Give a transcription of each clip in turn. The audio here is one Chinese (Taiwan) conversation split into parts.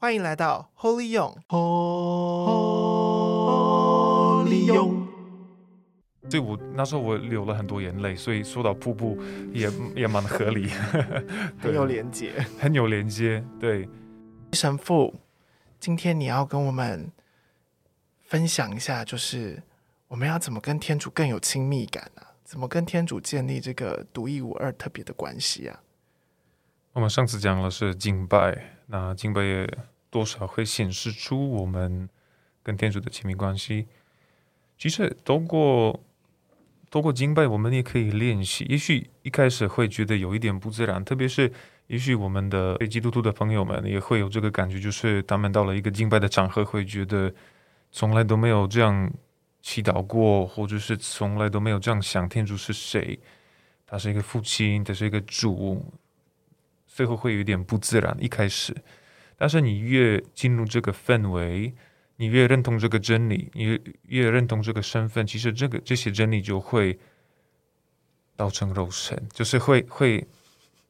歡迎來到 Holy Yong。Holy Yong，對，我那時候我流了很多眼淚，所以說到瀑布也 也蠻合理，很 有連接很，很有連接。對，神父，今天你要跟我們分享一下，就是我們要怎麼跟天主更有親密感呢、啊？怎麼跟天主建立這個獨一無二、特別的關係呀、啊？我們上次講的是敬拜。那敬拜也多少會顯示出我們跟天主的親密關係。其實通過通過敬拜，我們也可以練習。也許一開始會覺得有一點不自然，特別是也許我們的非基督徒的朋友們也會有這個感覺，就是他們到了一個敬拜的場合，會覺得從來都沒有這樣祈禱過，或者是從來都沒有這樣想天主是誰。他是一個父親，他是一個主。最後會有點不自然，一開始，但是你越進入這個氛圍，你越認同這個真理，你越，越認同這個身份，其實這個這些真理就會道成肉身，就是會會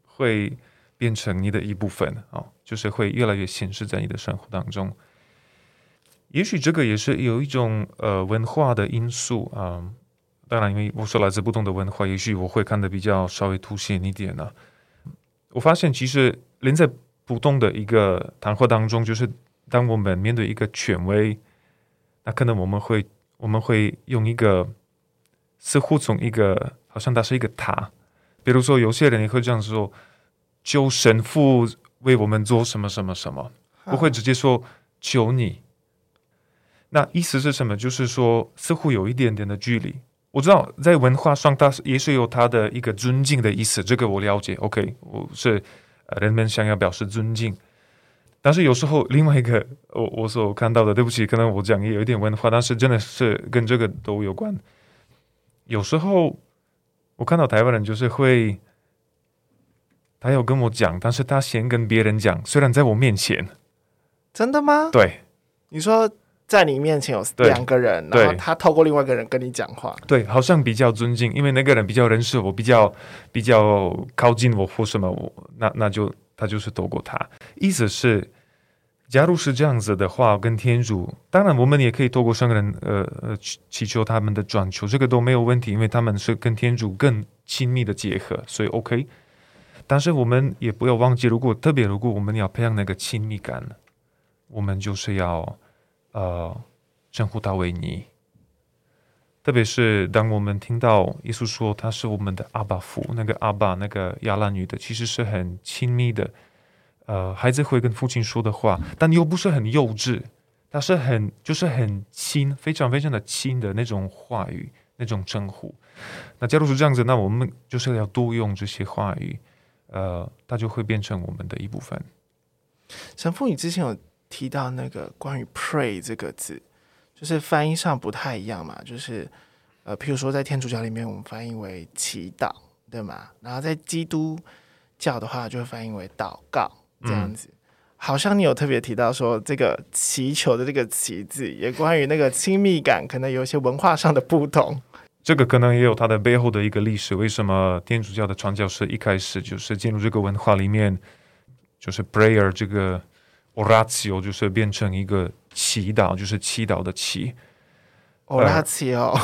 會變成你的一部分啊、哦，就是會越來越顯示在你的生活當中。也許這個也是有一種呃文化的因素啊、呃，當然因為我是來自不同的文化，也許我會看得比較稍微凸顯一點呢、啊。我發現，其實人在普通的一個談話當中，就是當我們面對一個權威，那可能我們會，我們會用一個似乎從一個好像他是一個他，比如說有些人也會這樣說：“求神父為我們做什麼什麼什麼”，不會直接說“求你”。那意思是什麼？就是說，似乎有一點點的距離。我知道，在文化上，它也是有它的一個尊敬的意思，這個我了解。OK，我是人們想要表示尊敬，但是有時候另外一個我，我我所看到的，對不起，可能我講也有一點文化，但是真的是跟這個都有關。有時候我看到台灣人就是會，他要跟我講，但是他先跟別人講，雖然在我面前。真的嗎？對，你說。在你面前有兩個人，對然後他透過另外一個人跟你講話。對，好像比較尊敬，因為那個人比較認識我，比較比較靠近我或什麼，我那那就他就是透過他，意思是，假如是這樣子的話，跟天主，當然我們也可以透過聖人，呃呃，祈求他們的轉求，這個都沒有問題，因為他們是跟天主更親密的結合，所以 OK。但是我們也不要忘記，如果特別如果我們要培養那個親密感，我們就是要。呃，稱呼他為你，特別是當我們聽到耶穌說他是我們的阿爸父，那個阿爸，那個亞拉女的，其實是很親密的。呃，孩子會跟父親說的話，但又不是很幼稚，他是很就是很親，非常非常的親的那種話語，那種稱呼。那假如是這樣子，那我們就是要多用這些話語，呃，它就會變成我們的一部分。神父，你之前有提到那個關於 “pray” 這個字，就是翻譯上不太一樣嘛。就是呃，譬如說在天主教裡面，我們翻譯為祈禱，對嗎？然後在基督教的話，就會翻譯為禱告這樣子。嗯、好像你有特別提到說，這個祈求的這個“祈”字，也關於那個親密感，可能有一些文化上的不同。這個可能也有它的背後的一個歷史。為什麼天主教的傳教士一開始就是進入這個文化裡面，就是 “prayer” 這個？歐拉奇歐就是變成一個祈禱，就是祈禱的祈。歐拉奇歐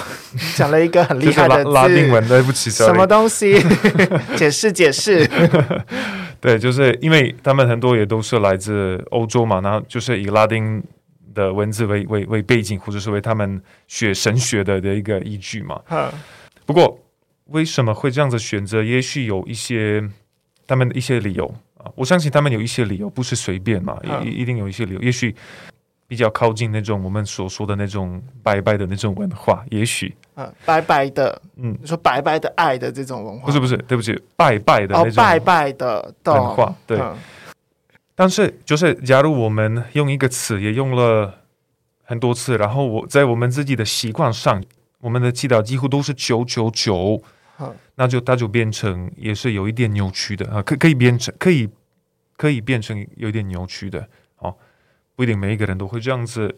講了一個很厲害的拉，拉丁文 對不起，什麼東西？ 解釋解釋。 對，就是因為他們很多也都是來自歐洲嘛，然後就是以拉丁的文字為為為背景，或者是為他們學神學的的一個依據嘛。嗯。Huh. 不過為什麼會這樣子選擇？也許有一些他們的一些理由。我相信他們有一些理由，不是隨便嘛，一一定有一些理由。嗯、也許比較靠近那種我們所說的那種“拜拜”的那種文化，也許嗯，“拜拜”的，嗯，說“拜拜”的愛的這種文化，不是不是，對不起，“拜拜”的“拜拜”的文化，哦、拜拜，對。但是就是，假如我們用一個詞，也用了很多次，然後我在我們自己的習慣上，我們的祈禱幾乎都是“九九九”。好，那就它就變成也是有一點扭曲的啊，可以可以變成，可以可以變成有一點扭曲的，好、啊，不一定每一個人都會這樣子，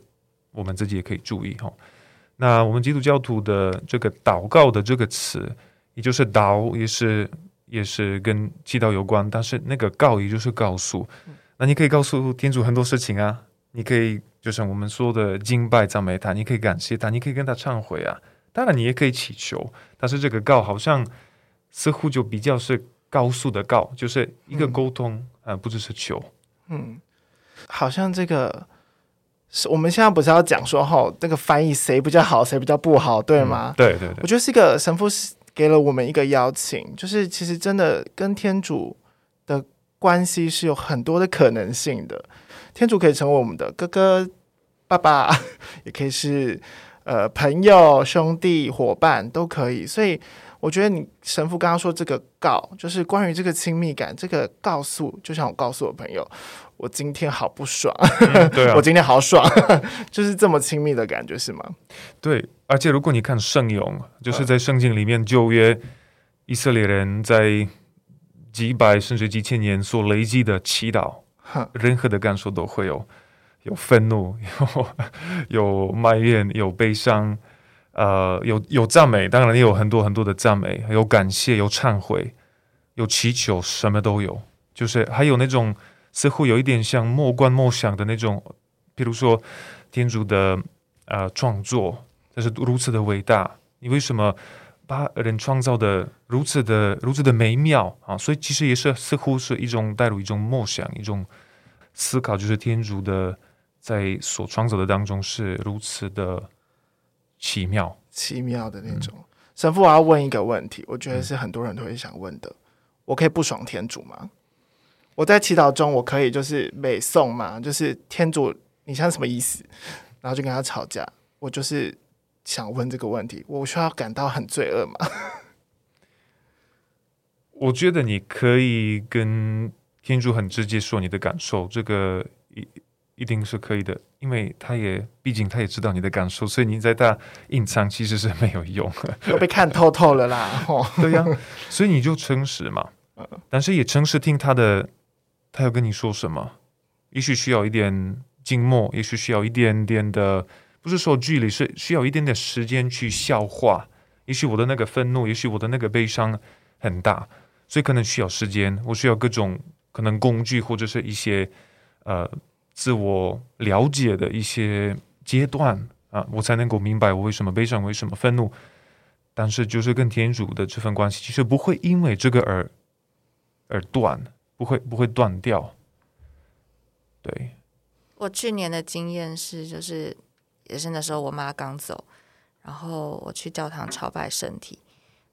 我們自己也可以注意哈、啊。那我們基督教徒的這個禱告的這個詞，也就是禱，也是也是跟祈禱有關，但是那個告也就是告訴，那你可以告訴天主很多事情啊，你可以就像我們說的敬拜讚美他，你可以感謝他，你可以跟他懺悔啊。當然，你也可以祈求，但是這個告好像似乎就比較是告訴的告，就是一個溝通啊、嗯呃，不只是求。嗯，好像這個，我們現在不是要講說哈，這、哦那個翻譯誰比較好，誰比較不好，對嗎？嗯、對對對。我覺得是一個神父給了我們一個邀請，就是其實真的跟天主的關係是有很多的可能性的。天主可以成為我們的哥哥、爸爸，也可以是。呃，朋友、兄弟、夥伴都可以，所以我覺得你神父剛剛說這個告，就是關於這個親密感，這個告訴，就像我告訴我的朋友，我今天好不爽，嗯、對啊， 我今天好爽， 就是這麼親密的感覺，是嗎？對，而且如果你看聖詠，就是在聖經裡面，舊約以色列人在幾百甚至幾千年所累積的祈禱，任何的感受都會有。有憤怒，有有埋怨，有悲傷，呃，有有讚美，當然也有很多很多的讚美，有感謝，有懺悔，有祈求，什麼都有。就是還有那種似乎有一點像默觀默想的那種，比如說天主的呃創作，但是如此的偉大，你為什麼把人創造的如此的如此的美妙啊？所以其實也是似乎是一種帶入一種默想，一種思考，就是天主的。在所創造的當中是如此的奇妙，奇妙的那種。嗯、神父，我要問一個問題，我覺得是很多人都會想問的。嗯、我可以不爽天主嗎？我在祈禱中，我可以就是抱怨嘛，就是天主，你現在是什麼意思？然後就跟他吵架。我就是想問這個問題，我需要感到很罪惡嗎？ 我覺得你可以跟天主很直接說你的感受，這個一定是可以的，因為他也畢竟他也知道你的感受，所以你在他隱藏其實是沒有用的， 被看透透了啦。 對呀、啊，所以你就誠實嘛，但是也誠實聽他的，他要跟你說什麼？也許需要一點靜默，也許需要一點點的，不是說距離，是需要一點點時間去消化。也許我的那個憤怒，也許我的那個悲傷很大，所以可能需要時間，我需要各種可能工具或者是一些呃。自我了解的一些階段啊，我才能夠明白我為什麼悲傷，為什麼憤怒。但是，就是跟天主的這份關係，其實不會因為這個而而斷，不會不會斷掉。對，我去年的經驗是，就是也是那時候我媽剛走，然後我去教堂朝拜聖體。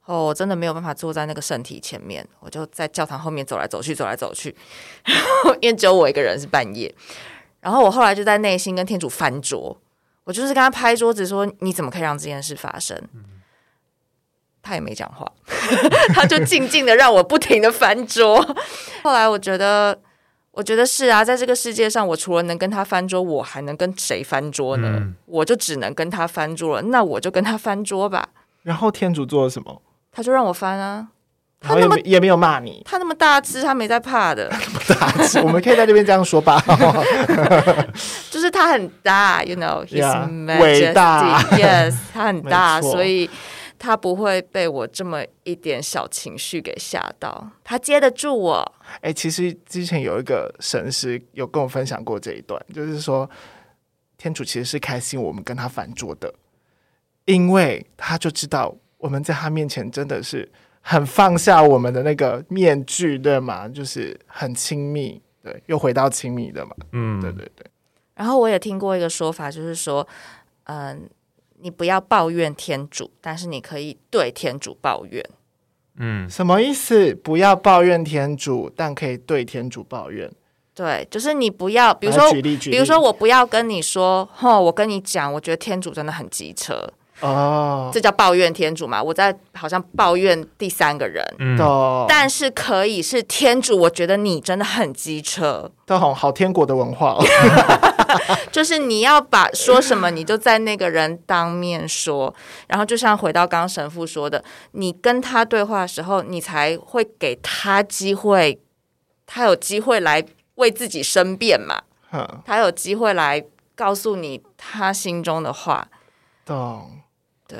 哦，oh, 我真的沒有辦法坐在那個聖體前面，我就在教堂後面走來走去，走來走去。然後因為只有我一個人是半夜，然後我後來就在內心跟天主翻桌，我就是跟他拍桌子說：“你怎麼可以讓這件事發生？”嗯、他也沒講話， 他就靜靜的讓我不停的翻桌。 後來我覺得，我覺得是啊，在這個世界上，我除了能跟他翻桌，我還能跟誰翻桌呢？嗯、我就只能跟他翻桌了。那我就跟他翻桌吧。然後天主做了什麼？他就讓我翻啊，他那麼也沒有罵你，他那麼大只，他沒在怕的。大我們可以在這邊這樣說吧。就是他很大，you know，h s m a e s t y majesty 偉大 yes，他很大，錯所以他不會被我這麼一點小情緒給嚇到，他接得住我。哎、欸，其實之前有一個神師有跟我分享過這一段，就是說天主其實是開心我們跟他反坐的，因為他就知道。我們在他面前真的是很放下我們的那個面具，對嗎？就是很親密，對，又回到親密的嘛。嗯，對對對。然後我也聽過一個說法，就是說，嗯，你不要抱怨天主，但是你可以對天主抱怨。嗯，什麼意思？不要抱怨天主，但可以對天主抱怨。對，就是你不要，比如說，舉例舉例，比如說我不要跟你說，吼，我跟你講，我覺得天主真的很機車。哦，這叫抱怨天主嘛？我在好像抱怨第三個人，嗯、但是可以是天主，我覺得你真的很機車。都好好，天國的文化、哦， 就是你要把說什麼，你就在那個人當面說。 然後就像回到剛剛神父說的，你跟他對話的時候，你才會給他機會，他有機會來為自己申辯嘛。呵他有機會來告訴你他心中的話，懂、嗯。對，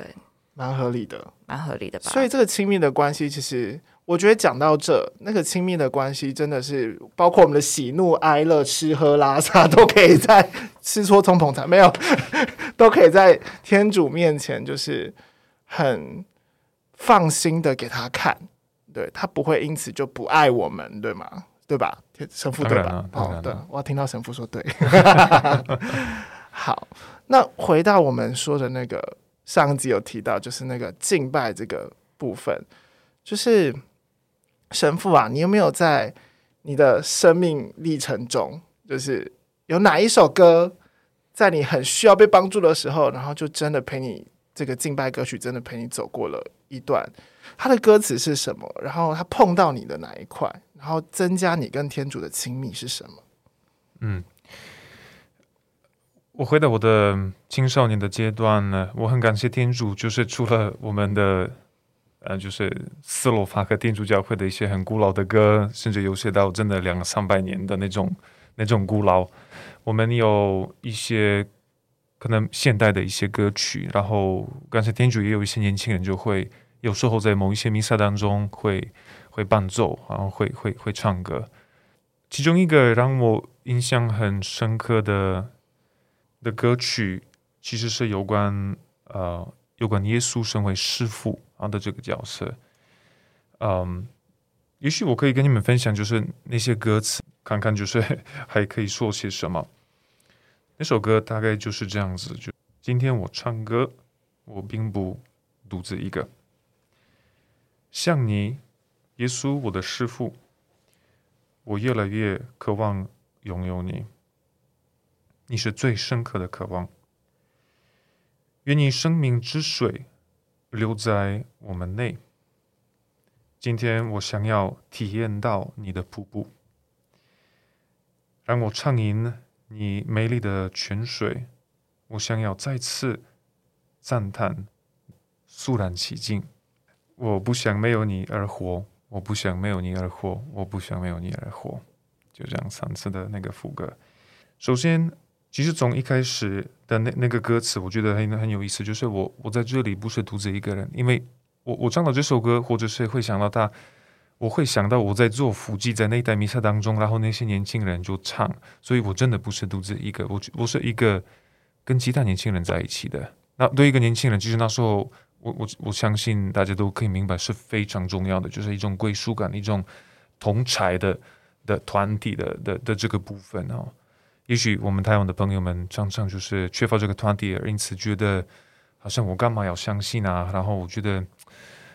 蠻合理的，蠻合理的吧。所以這個親密的關係，其實我覺得講到這，那個親密的關係真的是，包括我們的喜怒哀樂、吃喝拉撒，都可以在吃錯蔥捧菜沒有， 都可以在天主面前，就是很放心的給他看，對，他不會因此就不愛我們，對嗎？對吧？神父對吧？好的、啊啊哦，對，我要聽到神父說對。 好，那回到我們說的那個。上一集有提到，就是那個敬拜這個部分，就是神父啊，你有沒有在你的生命歷程中，就是有哪一首歌，在你很需要被幫助的時候，然後就真的陪你這個敬拜歌曲，真的陪你走過了一段？它的歌詞是什麼？然後它碰到你的哪一塊？然後增加你跟天主的親密是什麼？嗯。我回到我的青少年的階段呢，我很感謝天主，就是除了我們的，呃，就是斯洛伐克天主教會的一些很古老的歌，甚至有些到真的兩三百年的那種那種古老，我們有一些可能現代的一些歌曲。然後感謝天主也有一些年輕人，就會有時候在某一些彌撒當中會會伴奏，然後會會會唱歌。其中一個讓我印象很深刻的。的歌曲其實是有關呃，有關耶穌身為師傅啊的這個角色。嗯，也許我可以跟你們分享，就是那些歌詞，看看就是還可以說些什麼。那首歌大概就是這樣子，就今天我唱歌，我並不獨自一個，像你，耶穌，我的師傅，我越來越渴望擁有你。你是最深刻的渴望，願你生命之水留在我們內。今天我想要體驗到你的瀑布，讓我暢飲你美麗的泉水。我想要再次讚嘆，肅然起敬。我不想沒有你而活，我不想沒有你而活，我不想沒有你而活。就這樣三次的那個副歌，首先。其實從一開始的那那個歌詞，我覺得很很有意思。就是我我在這裡不是獨自一個人，因為我我唱到這首歌，或者是會想到他，我會想到我在做輔祭，在那一台彌撒當中，然後那些年輕人就唱，所以我真的不是獨自一個，我我是一個跟其他年輕人在一起的。那對一個年輕人，就是那時候我我我相信大家都可以明白是非常重要的，就是一種歸屬感，一種同儕的的團體的的的,的這個部分哦。也許我們台灣的朋友們常常就是缺乏這個團體，而因此覺得好像我干嘛要相信啊？然後我覺得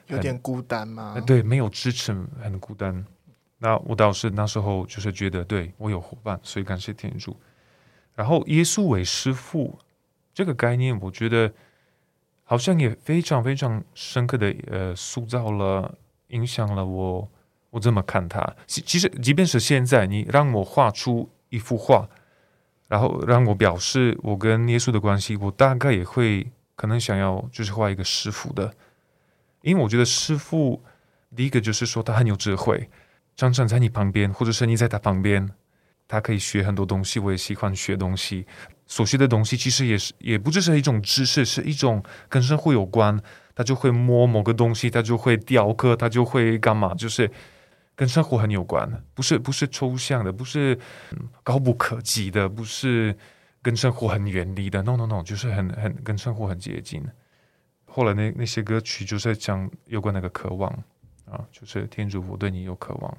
有點孤單嘛、呃。對，沒有支持，很孤單。那我倒是那時候就是覺得，對，我有夥伴，所以感謝天主。然後耶穌為師父這個概念，我覺得好像也非常非常深刻的呃，塑造了，影響了我。我這麼看他。其其實，即便是現在，你讓我畫出一幅畫。然後讓我表示我跟耶穌的關係，我大概也會可能想要就是畫一個師傅的，因為我覺得師傅第一個就是說他很有智慧，常常在你旁邊，或者是你在他旁邊，他可以學很多東西。我也喜歡學東西，所學的東西其實也是也不只是一種知識，是一種跟生活有關。他就會摸某個東西，他就會雕刻，他就會幹嘛，就是。跟生活很有關的，不是不是抽象的，不是高不可及的，不是跟生活很遠離的，no no no，就是很很跟生活很接近。後來那那些歌曲就是在講有關那個渴望啊，就是天主父對你有渴望，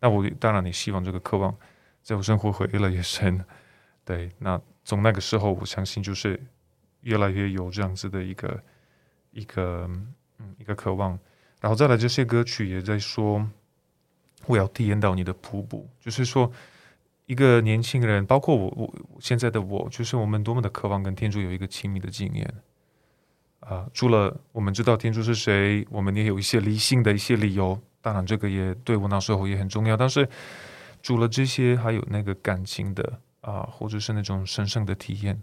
那我當然你希望這個渴望在我生活會越來越深。對，那從那個時候，我相信就是越來越有這樣子的一個一個嗯一個渴望。然後再來這些歌曲也在說。我要體驗到你的瀑布，就是說，一個年輕人，包括我，我現在的我，就是我們多麼的渴望跟天主有一個親密的經驗啊、呃！除了我們知道天主是誰，我們也有一些理性的一些理由，當然這個也對我那時候也很重要。但是除了這些，還有那個感情的啊、呃，或者是那種神聖的體驗。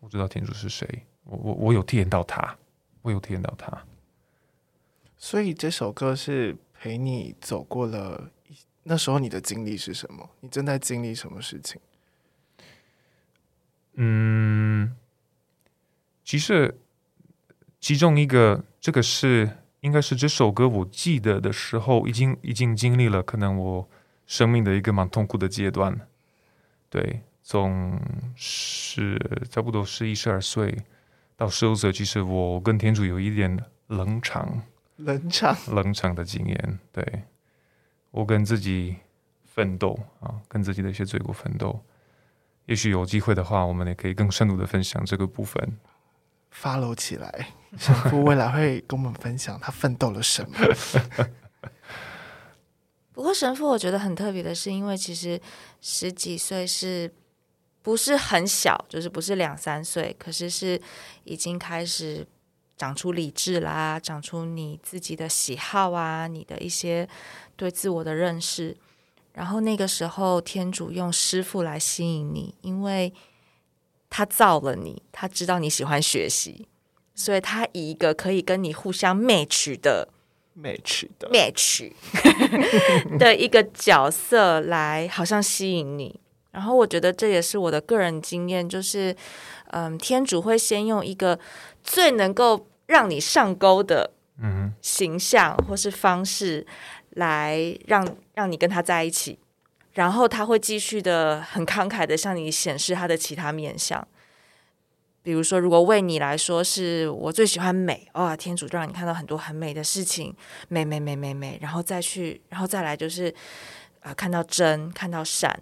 我知道天主是誰，我我我有體驗到他，我有體驗到他。所以這首歌是陪你走過了。那時候你的經歷是什麼？你正在經歷什麼事情？嗯，其實其中一個，這個是應該是這首歌，我記得的時候，已經已經經歷了可能我生命的一個蠻痛苦的階段。對，從十，差不多十一十二歲到十五歲，其實我跟天主有一點冷場、冷場、冷場的經驗。對。我跟自己奮鬥啊，跟自己的一些罪過奮鬥。也許有機會的話，我們也可以更深入的分享這個部分，follow 起來。神父未來會跟我們分享他奮鬥了什麼。 不過神父我覺得很特別的是，因為其實十幾歲是不是很小，就是不是兩三歲，可是是已經開始。長出理智啦，長出你自己的喜好啊，你的一些對自我的認識。然後那個時候，天主用師傅來吸引你，因為他造了你，他知道你喜歡學習，所以他以一個可以跟你互相 match 的 match 的 match 的一個角色來，好像吸引你。 然後我覺得這也是我的個人經驗，就是嗯，天主會先用一個。最能夠讓你上鈎的形象，或是方式，來讓讓你跟他在一起，然後他會繼續的很慷慨的向你顯示他的其他面相。比如說，如果為你來說是我最喜歡美，哇，天主讓你看到很多很美的事情，美美美美美，然後再去，然後再來就是啊，看到真，看到善。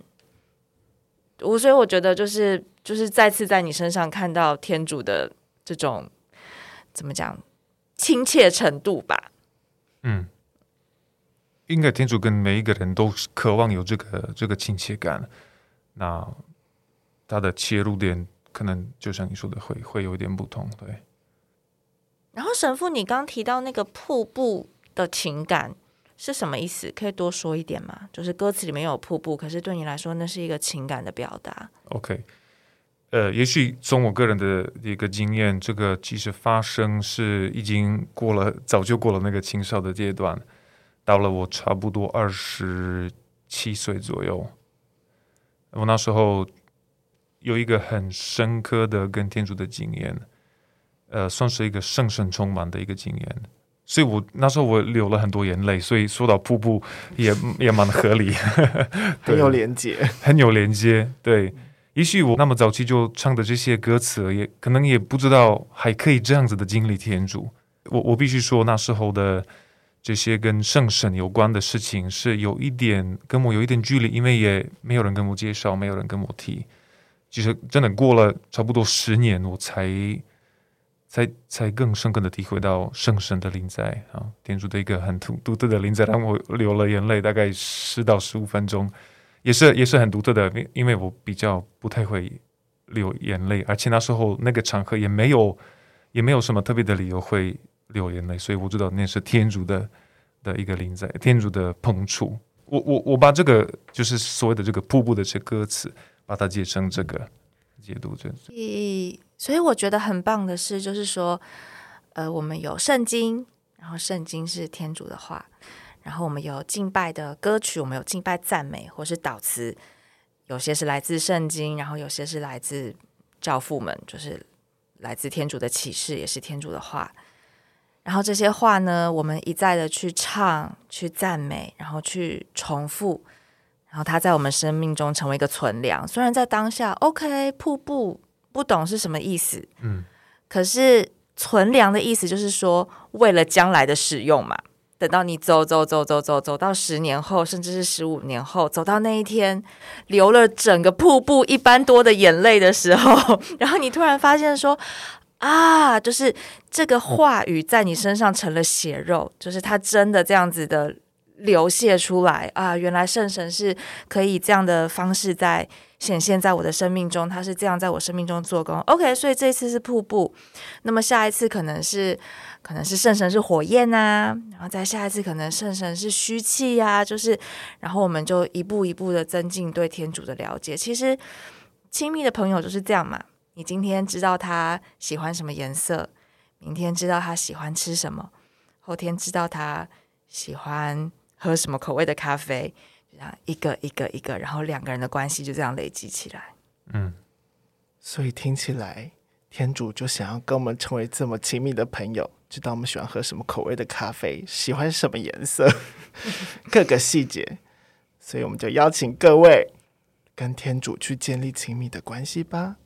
我所以我覺得就是就是再次在你身上看到天主的。這種怎麼講親切程度吧？嗯，應該天主跟每一個人都渴望有這個這個親切感。那他的切入點可能就像你說的會，會會有點不同。對。然後神父，你剛提到那個瀑布的情感是什麼意思？可以多說一點嗎？就是歌詞裡面有瀑布，可是對你來說，那是一個情感的表達。OK。呃，也許從我個人的一個經驗，這個其實發生是已經過了，早就過了那個青少的階段，到了我差不多二十七歲左右，我那時候有一個很深刻的跟天主的經驗，呃，算是一個聖神充滿的一個經驗，所以我那時候我流了很多眼淚，所以說到瀑布也 也蠻合理， 很有連接，很有連接，對。也許我那麼早期就唱的這些歌詞，也可能也不知道還可以這樣子的經歷天主。我我必須說，那時候的這些跟聖神有關的事情，是有一點跟我有一點距離，因為也沒有人跟我介紹，沒有人跟我提。其實真的過了差不多十年，我才才才更深刻的體會到聖神的臨在啊，天主的一個很獨獨特的臨在，讓我流了眼淚，大概十到十五分鐘。也是也是很獨特的，因因為我比較不太會流眼淚，而且那時候那個場合也沒有也沒有什麼特別的理由會流眼淚，所以我知道那是天主的的一個臨在，天主的碰觸。我我我把這個就是所謂的這個瀑布的這個歌詞，把它解成這個解讀這樣。嗯、所以所以我覺得很棒的是，就是說，呃，我們有聖經，然後聖經是天主的話。然後我們有敬拜的歌曲，我們有敬拜讚美或是禱詞，有些是來自聖經，然後有些是來自教父們，就是來自天主的啟示，也是天主的話。然後這些話呢，我們一再的去唱、去讚美，然後去重複。然後它在我們生命中成為一個存糧。雖然在當下，OK，瀑布不懂是什麼意思，嗯，可是存糧的意思就是說，為了將來的使用嘛。等到你走走走走走走到十年後，甚至是十五年後，走到那一天流了整個瀑布一般多的眼淚的時候，然後你突然發現說：“啊，就是這個話語在你身上成了血肉，就是它真的這樣子的流瀉出來啊！原來聖神是可以，以這樣的方式在顯現在我的生命中，它是這樣在我生命中做工。” OK，所以這次是瀑布，那麼下一次可能是。可能是聖神是火焰吶、啊，然後再下一次可能聖神是虛氣呀、啊，就是，然後我們就一步一步的增進對天主的了解。其實親密的朋友就是這樣嘛，你今天知道他喜歡什麼顏色，明天知道他喜歡吃什麼，後天知道他喜歡喝什麼口味的咖啡，就這樣一個一個一個，然後兩個人的關係就這樣累積起來。嗯，所以聽起來天主就想要跟我們成為這麼親密的朋友。知道我們喜歡喝什麼口味的咖啡，喜歡什麼顏色，各個細節，所以我們就邀請各位跟天主去建立親密的關係吧。